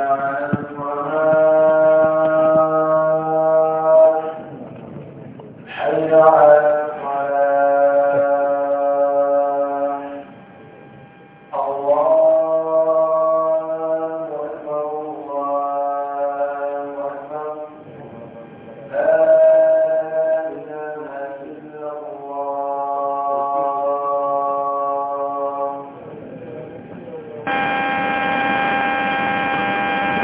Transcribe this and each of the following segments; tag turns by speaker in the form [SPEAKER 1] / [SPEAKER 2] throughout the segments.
[SPEAKER 1] uh,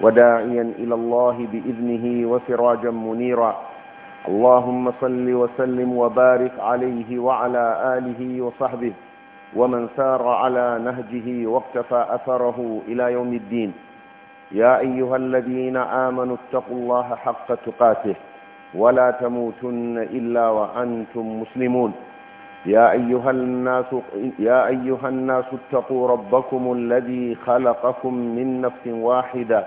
[SPEAKER 2] وداعيا إلى الله بإذنه وسراجا منيرا اللهم صل وسلم وبارك عليه وعلى آله وصحبه ومن سار على نهجه واقتفى أثره إلى يوم الدين يا أيها الذين آمنوا اتقوا الله حق تقاته ولا تموتن إلا وأنتم مسلمون يا أيها الناس, يا أيها الناس اتقوا ربكم الذي خلقكم من نفس واحدة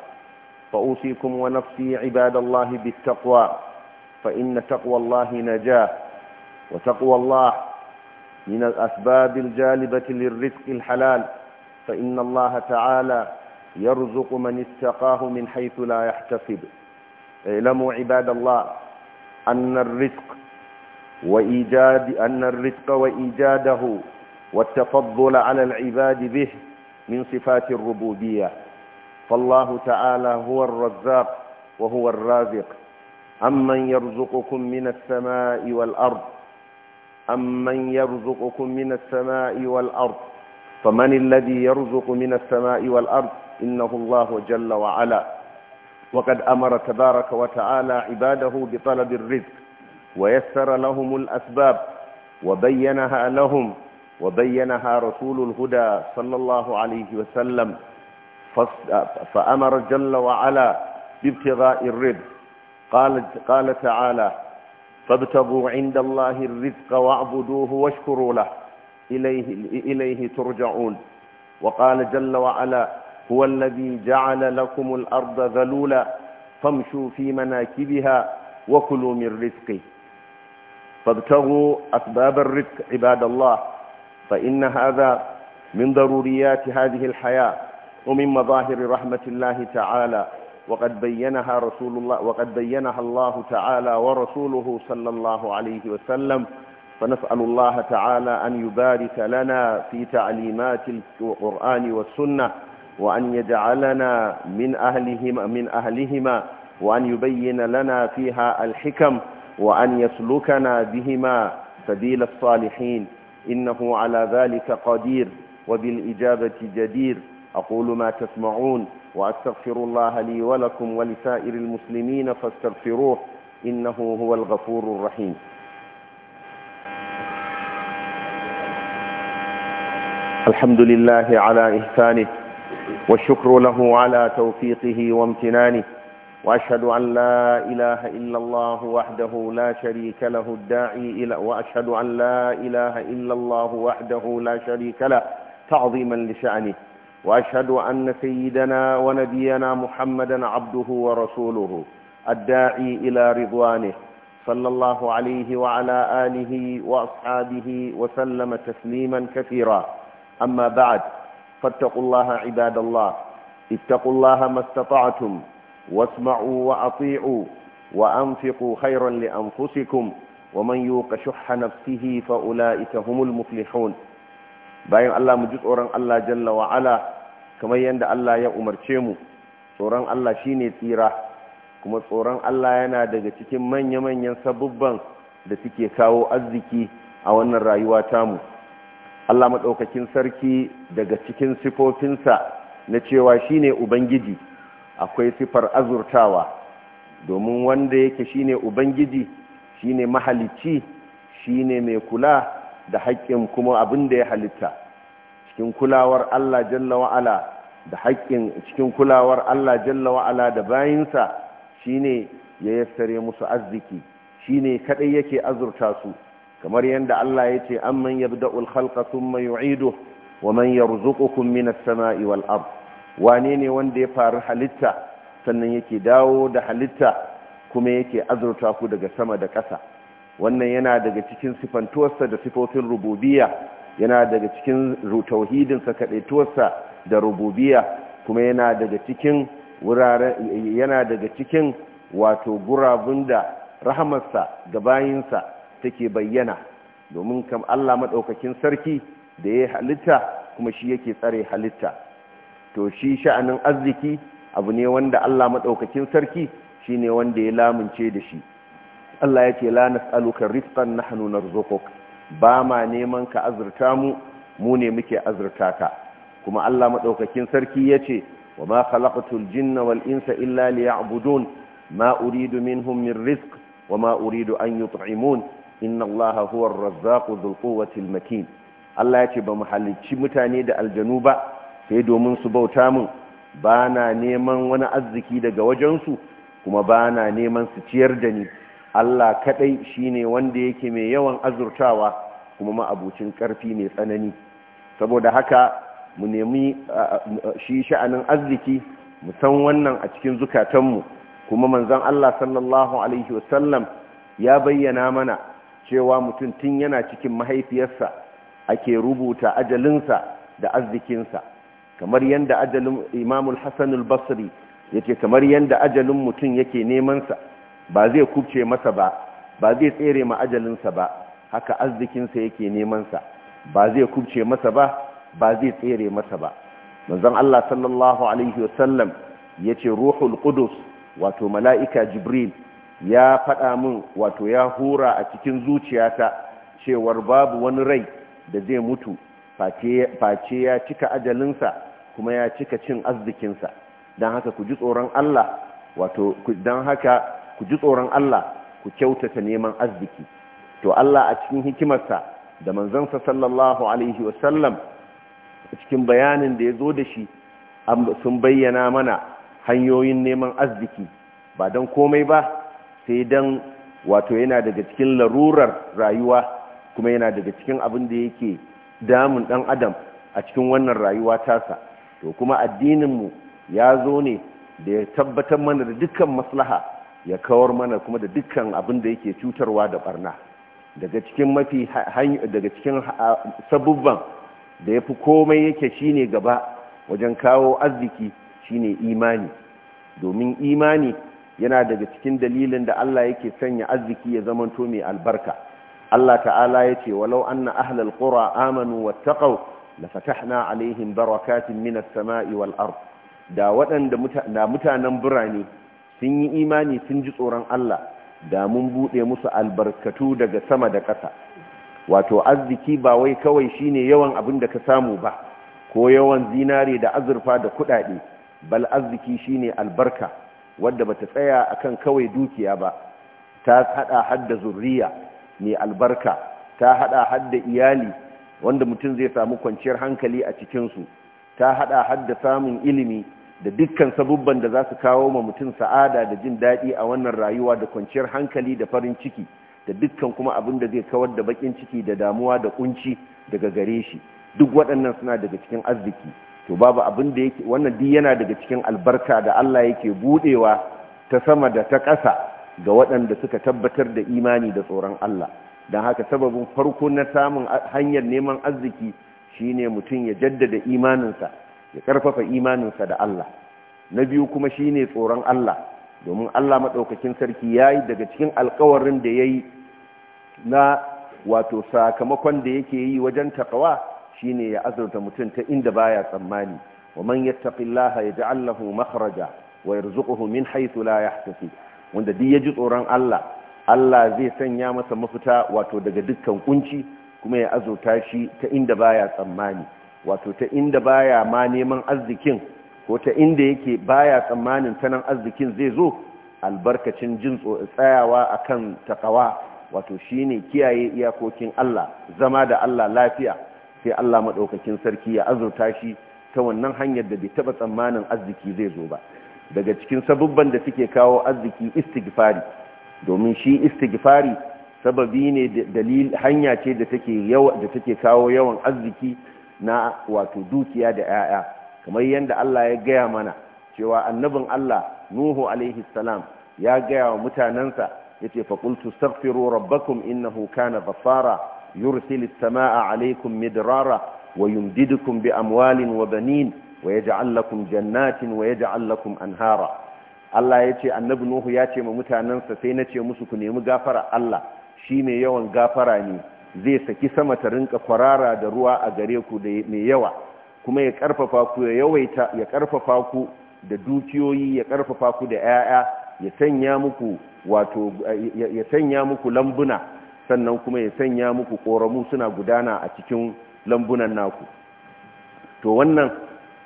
[SPEAKER 2] فأوصيكم ونفسي عباد الله بالتقوى فإن تقوى الله نجاة وتقوى الله من الأسباب الجالبة للرزق الحلال فإن الله تعالى يرزق من اتقاه من حيث لا يحتسب اعلموا عباد الله أن الرزق وإيجاد أن الرزق وإيجاده والتفضل على العباد به من صفات الربوبيه فالله تعالى هو الرزاق وهو الرازق أمن يرزقكم من السماء والأرض أمن يرزقكم من السماء والأرض فمن الذي يرزق من السماء والأرض إنه الله جل وعلا وقد أمر تبارك وتعالى عباده بطلب الرزق ويسر لهم الأسباب وبينها لهم وبينها رسول الهدى صلى الله عليه وسلم فأمر جل وعلا بابتغاء الرزق قال, قال تعالى فابتغوا عند الله الرزق واعبدوه واشكروا له إليه, إليه ترجعون وقال جل وعلا هو الذي جعل لكم الأرض ذلولا فامشوا في مناكبها وكلوا من رزقه فابتغوا أسباب الرزق عباد الله فإن هذا من ضروريات هذه الحياة ومن مظاهر رحمة الله تعالى وقد بينها رسول الله وقد بينها الله تعالى ورسوله صلى الله عليه وسلم فنسأل الله تعالى أن يبارك لنا في تعليمات القرآن والسنة وأن يجعلنا من أهلهما من أهلهما وأن يبين لنا فيها الحكم وأن يسلكنا بهما سبيل الصالحين إنه على ذلك قدير وبالإجابة جدير أقول ما تسمعون وأستغفر الله لي ولكم ولسائر المسلمين فاستغفروه إنه هو الغفور الرحيم الحمد لله على إحسانه والشكر له على توفيقه وامتنانه وأشهد أن لا إله إلا الله وحده لا شريك له الداعي إلى وأشهد أن لا إله إلا الله وحده لا شريك له تعظيما لشأنه وأشهد أن سيدنا ونبينا محمدا عبده ورسوله الداعي إلى رضوانه صلى الله عليه وعلى آله وأصحابه وسلم تسليما كثيرا أما بعد فاتقوا الله عباد الله اتقوا الله ما استطعتم واسمعوا وأطيعوا وأنفقوا خيرا لأنفسكم ومن يوق شح نفسه فأولئك هم المفلحون bayan Allah mu ji tsoron Allah jalla wa ala kamar yadda Allah ya umarce mu tsoron Allah shine tsira kuma tsoron Allah yana daga cikin manya-manyan sabubban da suke kawo arziki a wannan rayuwa mu. Allah maɗaukakin sarki daga cikin sifofinsa na cewa shine ubangiji akwai sifar azurtawa domin wanda yake shine ubangiji shine mahalicci shine mai kula da haƙƙin kuma abin da ya halitta cikin kulawar Allah jalla wa'ala da haƙƙin cikin kulawar Allah jalla wa'ala da bayinsa shine ya yassare musu arziki shine kaɗai yake azurta su kamar yadda Allah ya ce amman yabda'ul khalqa thumma yu'iduhu waman yarzuqukum minas sama'i wal ard wane ne wanda ya faru halitta sannan yake dawo da halitta kuma yake azurta ku daga sama da ƙasa wannan yana daga cikin sifantuwarsa da sifofin rububiya yana daga cikin tauhidinsa kaɗaituwarsa da rububiya kuma yana daga cikin yana daga cikin wato gurabun da rahamarsa ga bayinsa take bayyana domin kam Allah maɗaukakin sarki da ya halitta kuma shi yake tsare halitta to shi sha'anin arziki abu ne wanda Allah maɗaukakin sarki shi ne wanda ya lamunce da shi Allah ya ce la nas'aluka rizqan nahnu narzuquk ba ma neman ka azurta mu mu ne muke azurta ka kuma Allah madaukakin sarki yace wa ma khalaqatul jinna wal insa illa liya'budun ma uridu minhum min rizq wa ma uridu an yut'imun inna Allah huwa ar-razzaqu dhul quwwati al-matin Allah yace ba mu halicci mutane da aljanu ba sai domin su bauta mun ba na neman wani arziki daga wajensu kuma ba na neman su ciyar da ni Allah kaɗai shi ne wanda yake mai yawan azurtawa kuma ma'abucin ƙarfi mai tsanani saboda haka mu nemi shi sha'anin arziki mu san wannan a cikin zukatanmu kuma manzon Allah sallallahu alaihi wasallam ya bayyana mana cewa mutum tun yana cikin mahaifiyarsa ake rubuta ajalinsa da arzikinsa kamar yadda ajalin imamul Hassanul basri yake kamar yadda ajalin mutum yake nemansa ba zai kubce masa ba ba zai tsere ma ajalinsa ba haka arzikinsa yake nemansa ba zai kubce masa ba ba zai tsere masa ba manzon Allah sallallahu alaihi wasallam yace ruhul qudus wato mala'ika jibril ya faɗa min wato ya hura a cikin zuciyata cewar babu wani rai da zai mutu face ya cika ajalinsa kuma ya cika cin arzikinsa don haka ku ji tsoron Allah wato don haka ku ji tsoron Allah ku kyautata neman arziki to Allah a cikin hikimarsa da manzansa sallallahu alaihi wasallam cikin bayanin da ya zo da shi sun bayyana mana hanyoyin neman arziki ba don komai ba sai don wato yana daga cikin larurar rayuwa kuma yana daga cikin abin da yake damun dan adam a cikin wannan rayuwa tasa to kuma addininmu ya zo ne da ya tabbatar mana da dukkan maslaha ya kawar mana kuma da dukkan abin da yake cutarwa da barna daga cikin mafi daga cikin sabubban da ya fi komai yake shine gaba wajen kawo arziki shine imani domin imani yana daga cikin dalilin da Allah yake sanya arziki ya zamanto mai albarka Allah ta'ala ya ce walau anna ahlal qura amanu wattaqau la fatahna alaihim barakatin minas sama'i wal ard da waɗanda mutanen birane sun yi imani sun ji tsoron Allah da mun buɗe musu albarkatu daga sama da ƙasa wato arziki ba wai kawai shine yawan abin da ka samu ba ko yawan zinare da azurfa da kuɗaɗe bal arziki shine albarka wadda ba ta tsaya a kan kawai dukiya ba ta haɗa hadda zurriya mai albarka ta haɗa hadda iyali wanda mutum zai samu kwanciyar hankali a cikinsu ta haɗa hadda samun ilimi da dukkan sabubban da za su kawo ma mutum sa'ada da jin daɗi a wannan rayuwa da kwanciyar hankali da farin ciki da dukkan kuma abin da zai kawar da bakin ciki da damuwa da ƙunci daga gare shi duk waɗannan suna daga cikin arziki to babu abin da yake wannan duk yana daga cikin albarka da Allah yake budewa ta sama da ta ƙasa ga waɗanda suka tabbatar da imani da tsoron Allah don haka sababin farko na samun hanyar neman arziki shine mutum ya jaddada imaninsa ya karfafa imaninsa da Allah na biyu kuma shine tsoron Allah domin Allah madaukakin sarki ya yi daga cikin alkawarin da ya yi na wato sakamakon da yake yi wajen shi shine ya azurta mutum ta inda baya tsammani wa man ji Allah lahu makaraja wa yarzuquhu min haitu la yahtasib wanda duk ji tsoron Allah Allah zai sanya masa mafita wato daga dukkan kunci kuma ya azurta shi ta inda baya tsammani wato ta inda baya ma neman arzikin ko ta inda yake baya tsammanin tanan arzikin zai zo albarkacin jin tsayawa a kan takawa wato shi ne kiyaye iyakokin Allah zama da Allah lafiya sai Allah maɗaukakin sarki ya azurta shi ta wannan hanyar da bai taba tsammanin arziki zai zo ba daga cikin sabubban da suke kawo arziki istighfari domin shi istighfari sababi ne dalil hanya ce da take kawo yawan arziki na wato dukiya da 'ya'ya kamar yanda Allah ya gaya mana cewa annabin Allah Nuhu alaihi salam ya gaya wa mutanansa yace fa qultu astaghfiru rabbakum innahu kana ghaffara yursil as-samaa'a 'alaykum midrara wa yumdidukum bi amwalin wa banin wa yaj'al lakum jannatin wa yaj'al lakum anhara Allah yace annabi Nuhu ya ce ma mutanansa sai nace musu ku nemi gafara Allah shine yawan gafara ne zai saki sama ta rinka kwarara da ruwa a gare ku da mai yawa kuma ya karfafa ku ya yawaita ya karfafa ku da dukiyoyi ya karfafa ku da 'ya'ya ya sanya muku wato ya sanya muku lambuna sannan kuma ya sanya muku koramu suna gudana a cikin lambunan naku to wannan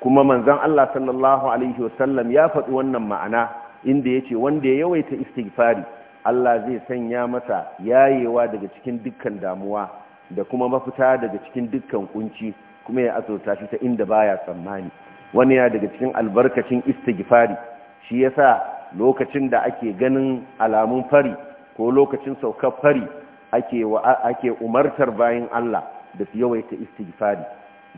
[SPEAKER 2] kuma manzon Allah sallallahu alaihi wasallam ya faɗi wannan ma'ana inda yace wanda ya yawaita istighfari Allah zai sanya masa yayewa daga cikin dukkan damuwa da kuma mafita daga cikin dukkan kunci kuma ya azurta shi ta inda baya tsammani wani ya daga cikin albarkacin istighfari shi yasa lokacin da ake ganin alamun fari ko lokacin saukar fari ake ake umartar bayin Allah da su yawaita istighfari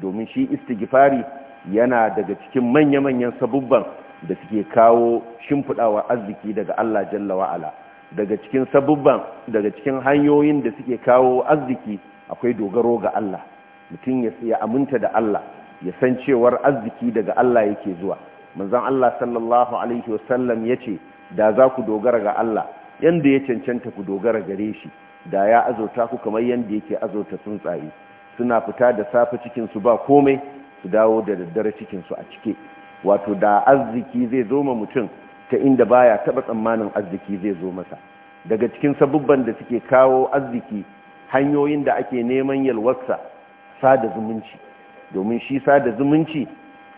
[SPEAKER 2] domin shi istighfari yana daga cikin manya-manyan sabubban da suke kawo shimfidawa arziki daga Allah jalla wa'ala daga cikin sabubban daga cikin hanyoyin da suke kawo arziki akwai dogaro ga Allah mutum ya aminta da Allah ya san cewar arziki daga Allah yake zuwa manzon Allah sallallahu alaihi wasallam yace da za ku dogara ga Allah yanda ya cancanta ku dogara gare shi da ya azurta ku kamar yanda yake azurta tsuntsaye suna fita da safe cikin su ba komai su dawo da daddare cikin su a cike wato da arziki zai zo ma mutum ta inda baya taba tsammanin arziki zai zo masa daga cikin sabubban da suke kawo arziki hanyoyin da ake neman yalwarsa sada zumunci domin shi sada zumunci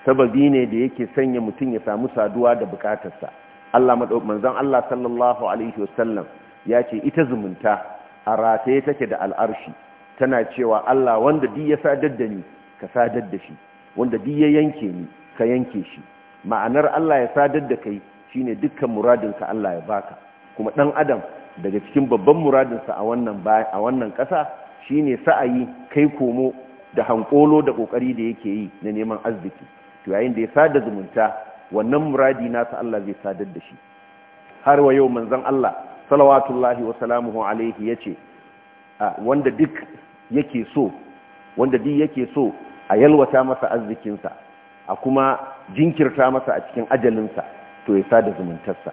[SPEAKER 2] sababi ne da yake sanya mutum ya samu saduwa da bukatarsa Allah manzon Allah sallallahu alaihi wasallam ya ce ita zumunta a rataye take da al'arshi tana cewa Allah wanda duk ya sadar da ni ka sadar da shi wanda duk ya yanke ni ka yanke shi ma'anar Allah ya sadar da kai Shi ne dukkan muradinsa Allah ya baka kuma ɗan adam daga cikin babban muradinsa a wannan a wannan ƙasa shine sa'ayi kai komo da hankolo da ƙoƙari da yake yi na neman arziki to yayin da ya sada zumunta wannan muradi nasa Allah zai sadar da shi har wa yau manzon Allah salawatullahi wa salamuhu alaihi yace wanda duk wanda duk yake so a yalwata masa arzikinsa a kuma jinkirta masa a cikin ajalinsa to ya sada zumuntarsa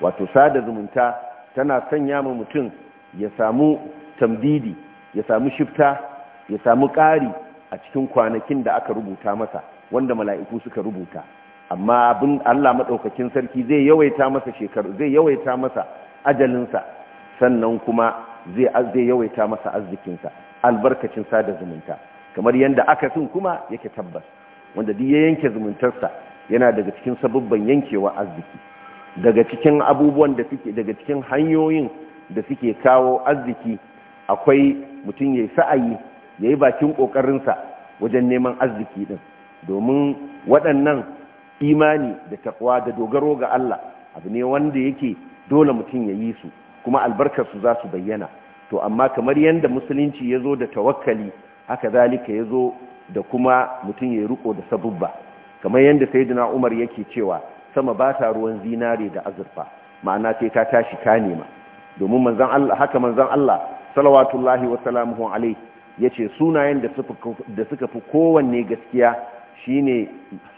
[SPEAKER 2] wato sada zumunta tana sanya ma mutum ya samu tambidi ya samu shifta ya samu ƙari a cikin kwanakin da aka rubuta masa wanda mala'iku suka rubuta amma abin Allah maɗaukakin sarki zai yawaita masa shekaru zai yawaita masa ajalinsa sannan kuma zai yawaita masa arzikinsa albarkacin sada zumunta kamar yadda aka sun kuma yake tabbas wanda duk ya yanke zumuntarsa yana daga cikin sabubban yankewa arziki daga cikin abubuwan da suke daga cikin hanyoyin da suke kawo arziki akwai mutum ya yi sa'ayi ya yi bakin ƙoƙarinsa wajen neman arziki ɗin domin waɗannan imani da takwa da dogaro ga Allah abu ne wanda yake dole mutum ya yi su kuma albarkarsu za su bayyana to amma kamar yadda musulunci ya zo da tawakkali haka zalika ya zo da kuma mutum ya yi riko da sabubba kamar yadda sayyidina Umar yake cewa sama ba ta ruwan zinare da azurfa ma'ana sai ta tashi ka nema domin manzon Allah haka manzon Allah salawatullahi wa salamuhu ya yace sunayen da suka fi kowanne gaskiya shine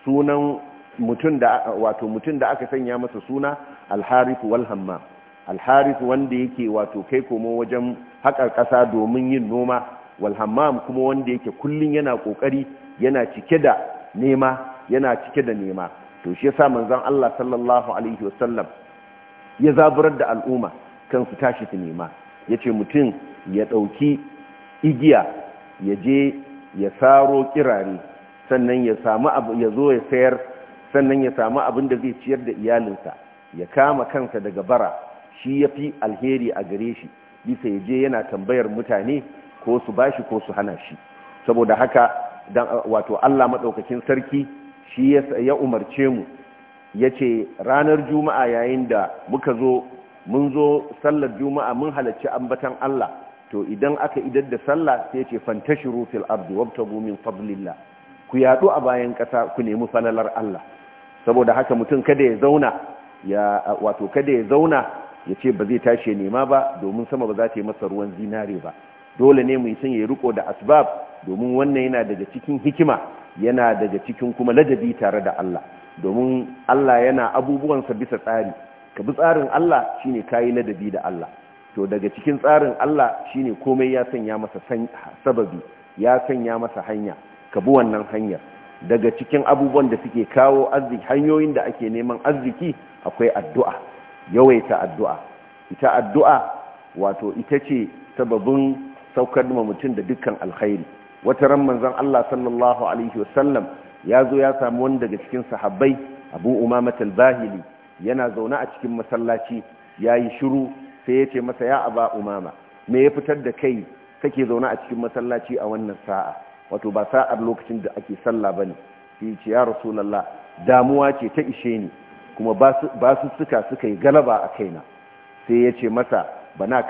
[SPEAKER 2] sunan mutun da wato mutun da aka sanya masa suna al-harith wal wanda yake wato kai komo wajen haƙar ƙasa domin yin noma wal kuma wanda yake kullum yana kokari yana cike da nema yana cike da nema to shi yasa manzon Allah sallallahu alaihi wasallam ya zaburar da al'umma kan su tashi su nema yace mutum ya dauki igiya ya je ya saro kirare sannan ya samu abu ya zo ya sayar sannan ya samu abin da zai ciyar da iyalinsa ya kama kansa daga bara shi yafi alheri a gare shi bisa ya je yana tambayar mutane ko su bashi ko su hana shi saboda haka dan wato Allah madaukakin sarki shi ya umarce mu ya ce ranar juma'a yayin da muka zo mun zo sallar juma'a mun halarci ambatan Allah to idan aka idar da sallah sai ya ce fantashiru fil ardi wabtagu min fadlillah ku yadu a bayan ƙasa ku nemi falalar Allah saboda haka mutum kada ya zauna ya wato kada ya zauna ya ce ba zai tashi nema ba domin sama ba za ta yi masa ruwan zinare ba dole ne mu yi sun ya riko da asbab domin wannan yana daga cikin hikima yana daga cikin kuma ladabi tare da Allah domin Allah yana abubuwansa bisa tsari ka bi tsarin Allah shine kayi ladabi da Allah to daga cikin tsarin Allah shine komai ya sanya masa sababi ya sanya masa hanya ka bi wannan hanyar daga cikin abubuwan da suke kawo arziki hanyoyin da ake neman arziki akwai addu'a yawaita addu'a ita addu'a wato ita ce sababin saukar mutum da dukkan alkhairi wata ran manzon Allah sallallahu alaihi wasallam ya zo ya samu wani daga cikin sahabbai abu umama al-bahili yana zaune a cikin masallaci yayi shiru sai ya ce masa ya aba umama me ya fitar da kai kake zaune a cikin masallaci a wannan sa'a wato ba sa'ar lokacin da ake sallah bane sai ya ce ya rasulullah damuwa ce ta ishe ni kuma ba su suka suka yi galaba a kaina sai ya ce masa bana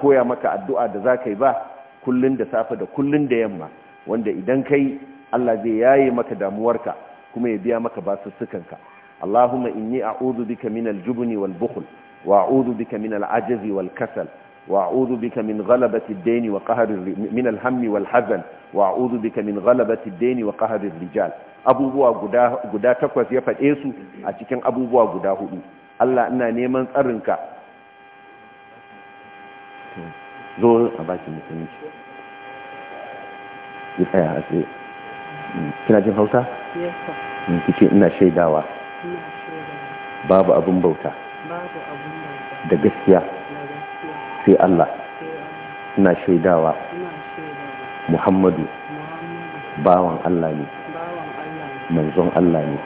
[SPEAKER 2] koya maka addu'a da za yi ba kullun da safe da kullun da yamma wanda idan kai Allah zai yaye maka damuwarka kuma ya biya maka basussukanka Allahumma inni a'udhu bika min al-jubni wal bukhl wa a'udhu bika min al-ajzi wal kasal wa a'udhu bika min ghalabati ad-dayn wa qahri min al-hammi wal hazan wa a'udhu bika min ghalabati ad-dayn wa qahri ar-rijal abubuwa guda guda takwas ya fade su a cikin abubuwa guda hudu Allah ina neman tsarinka zo a baki musulunci ya tsaya a tsaye mm. kina jin hauta? Mm, ki ce ina shaidawa babu abin bauta da gaskiya sai Allah ina shaidawa Muhammadu bawan Allah ne manzon Allah ne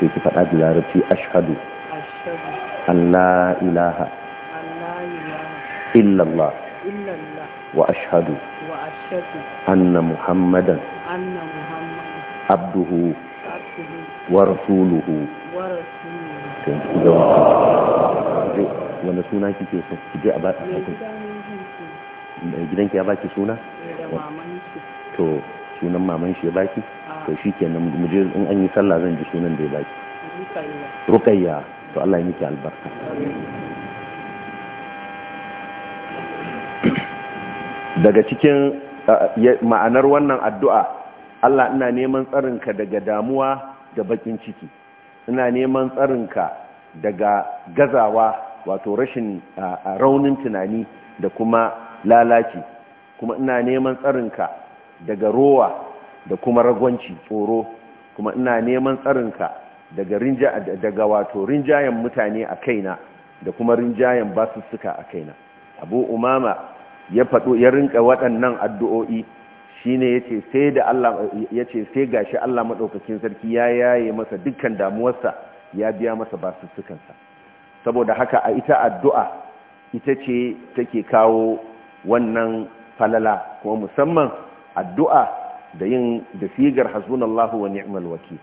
[SPEAKER 2] Ke ki faɗa da larabci ashadu an la ilaha إلا الله وأشهد أن محمدا عبده ورسوله wanda suna kike so ki je a ba ki ya baki suna to sunan maman shi ya baki ah. to shi shikenan mu je in an yi sallah zan ji sunan da ya baki rukayya to Allah ya miki albarka daga cikin ma'anar wannan addu'a Allah ina neman tsarinka daga damuwa da bakin ciki ina neman tsarinka daga gazawa wato rashin raunin tunani da kuma lalaci kuma ina neman tsarinka daga rowa da kuma ragwanci tsoro kuma ina neman tsarinka daga daga wato rinjayen mutane a kaina da kuma rinjayen basussuka a kaina abu umama ya faɗo ya rinƙa waɗannan addu'o'i shi ne ya ce sai ga shi Allah maɗaukakin sarki ya yaye masa dukkan damuwarsa ya biya masa basussukansa saboda haka a ita addu'a ita ce take kawo wannan falala kuma musamman addu'a da yin da sigar Allah wa ni'mal waki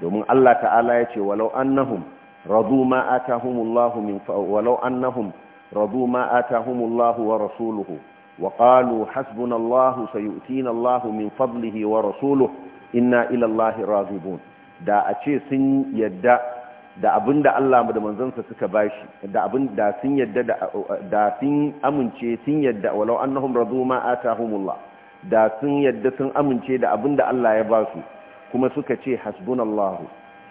[SPEAKER 2] domin Allah ta'ala yace walau annahum radu ma atahumullahu min walau annahum radu wa rasuluhu وقالوا حسبنا الله سيؤتينا الله من فضله ورسوله إنا إلى الله راغبون da sun yadda da abin da Allah da manzansa suka bashi da sun yadda da sun amince da sun Allah ya basu kuma suka ce hasbunallahu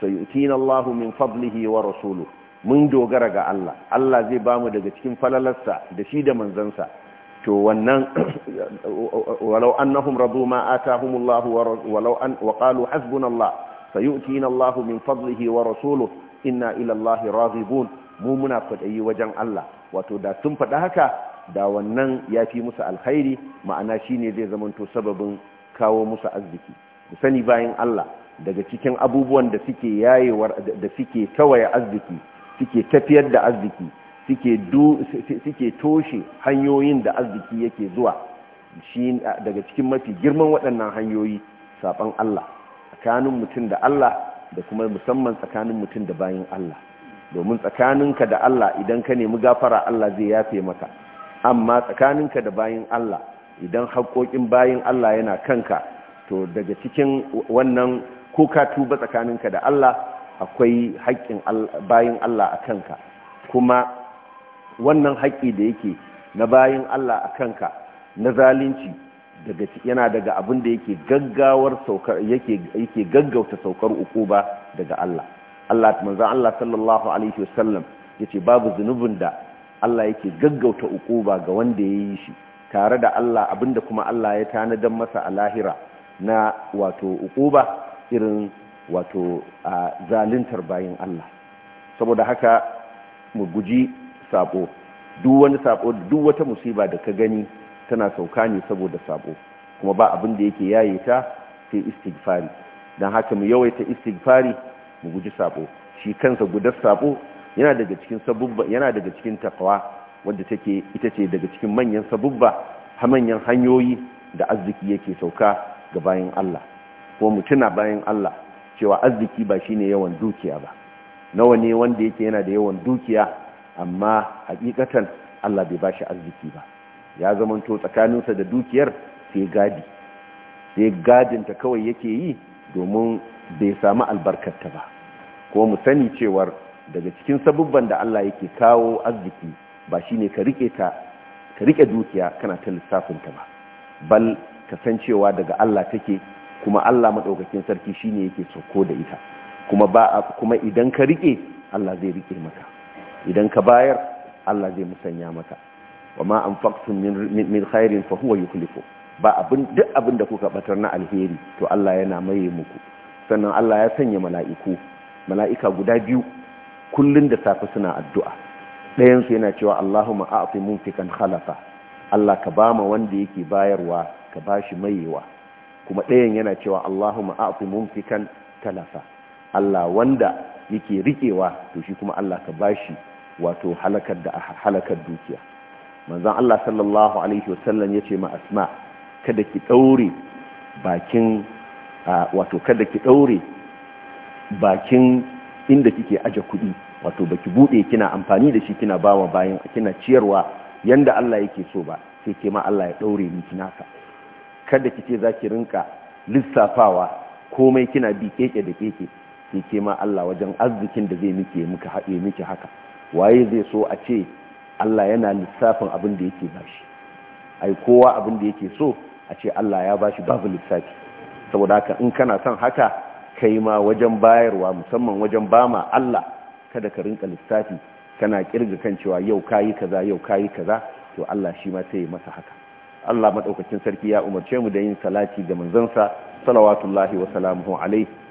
[SPEAKER 2] sayutina min fadlihi wa rasuluhu mun dogara ga Allah Allah zai bamu daga cikin falalarsa da shi da manzansa to wannan walau annahum radu ma atahumullah walau an wa qalu hasbunallah sayu'tina min fadlihi wa rasuluhu inna ila Allah raghibun mu muna faɗa'i wajen Allah wato da sun fada haka da wannan ya fi musu alkhairi ma'ana shine zai zamanto sababin kawo musu arziki sani bayan Allah daga cikin abubuwan da suke yayewar da suke tawaye arziki suke tafiyar da arziki suke toshe hanyoyin da arziki yake zuwa shi daga cikin mafi girman waɗannan hanyoyi saɓan Allah tsakanin mutum da Allah da kuma musamman tsakanin mutum da bayan Allah domin tsakaninka da Allah idan ka nemi gafara Allah zai yafe maka amma tsakaninka da bayan Allah idan haƙoƙin bayan Allah yana kanka to daga cikin wannan ko ka tuba tsakaninka da Allah akwai haƙƙin bayan Allah a kanka kuma wannan haƙƙi da yake na bayin Allah a kanka na zalunci yana daga abin da yake gaggawar saukar yake gaggauta saukar ukuba daga Allah Allah manzon Allah sallallahu alaihi wasallam yace babu zunubin da Allah yake gaggauta ukuba ga wanda yayi shi tare da Allah abinda kuma Allah ya tanadan masa a lahira na wato ukuba irin wato a zaluntar bayin Allah saboda haka mu guji sabo duk wani sabo duk wata musiba da ka gani tana sauka ne saboda sabo kuma ba abin da yake yaye ta sai istighfari dan haka mu yawaita istighfari mu guji sabo shi kansa gudar sabo yana daga cikin sabubba yana daga cikin taqwa wanda take ita ce daga cikin manyan sabubba ha manyan hanyoyi da arziki yake sauka ga bayan Allah ko mu tuna bayan Allah cewa arziki ba shine yawan dukiya ba nawa ne wanda yake yana da yawan dukiya amma hakikatan Allah bai bashi arziki ba ya zamanto tsakaninsa da dukiyar sai gadi sai gadinta kawai yake yi domin bai samu ta ba ko mu sani cewar daga cikin sabubban da Allah yake kawo arziki ba shine ka rike ta ka rike dukiya kana ta lissafin ta ba bal kasancewa daga Allah take kuma Allah madaukakin sarki shine yake sauko da ita kuma ba kuma idan ka rike Allah zai rike maka idan ka bayar Allah zai musanya maka wa ma faktun min khairin fa huwa yukhlifu ba abin duk abin da kuka batar na alheri to Allah yana maye muku sannan Allah ya sanya mala'iku mala'ika guda biyu kullun da safe suna addu'a ɗayan su yana cewa Allahumma a'ti munfiqan khalafa Allah ka bama wanda yake bayarwa ka bashi mayewa kuma ɗayan yana cewa Allahumma a'ti mumfikan talafa Allah wanda yake rikewa to shi kuma Allah ka bashi wato halakar da halakar dukiya manzon Allah sallallahu alaihi wasallam yace ma asma kada ki daure bakin wato kada ki daure bakin inda kike aje kudi wato baki bude kina amfani da shi kina bawa bayan kina ciyarwa yanda Allah yake so ba sai ke ma Allah ya daure miki naka kada kike zaki rinka lissafawa komai kina bi keke da keke sai ke ma Allah wajen arzikin da zai miki muka haɗe miki haka waye zai so a ce Allah yana lissafin abin da yake bashi ai kowa abin da yake so a ce Allah ya ba shi babu lissafi saboda haka in kana son haka kai ma wajen bayarwa musamman wajen bama Allah kada ka rinka lissafi kana kirga kan cewa yau kayi kaza yau kayi kaza to Allah shi ma sai ya masa haka Allah madaukakin sarki ya umarce mu da yin salati ga manzansa salawatullahi wa salamuhu alaihi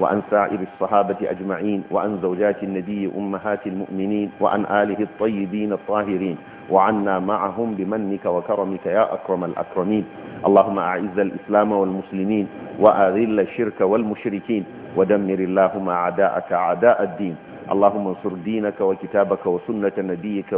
[SPEAKER 2] وعن سائر الصحابة أجمعين وعن زوجات النبي أمهات المؤمنين وعن آله الطيبين الطاهرين وعنا معهم بمنك وكرمك يا أكرم الأكرمين اللهم أعز الإسلام والمسلمين وأذل الشرك والمشركين ودمر اللهم أعداءك أعداء الدين اللهم انصر دينك وكتابك وسنة نبيك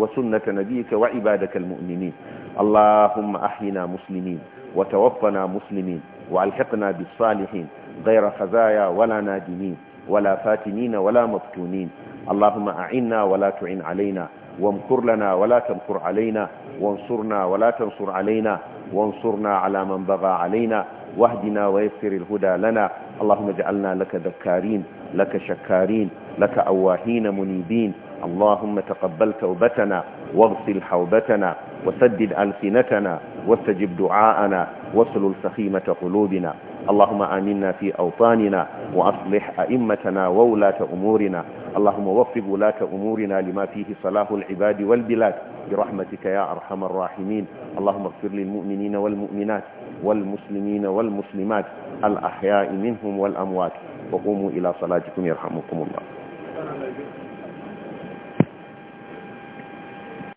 [SPEAKER 2] وسنة نبيك وعبادك المؤمنين اللهم أحينا مسلمين وتوفنا مسلمين وألحقنا بالصالحين غير خزايا ولا نادمين ولا فاتنين ولا مفتونين اللهم أعنا ولا تعن علينا وامكر لنا ولا تمكر علينا وانصرنا ولا تنصر علينا وانصرنا على من بغى علينا واهدنا ويسر الهدى لنا اللهم اجعلنا لك ذكارين لك شكارين لك أواهين منيبين اللهم تقبل توبتنا واغسل حوبتنا وسدد ألسنتنا واستجب دعاءنا واسلل سخيمة قلوبنا اللهم آمنا في أوطاننا وأصلح أئمتنا وولاة أمورنا اللهم وفق ولاة أمورنا لما فيه صلاح العباد والبلاد برحمتك يا أرحم الراحمين اللهم اغفر للمؤمنين والمؤمنات والمسلمين والمسلمات الأحياء منهم والأموات وقوموا إلى صلاتكم يرحمكم الله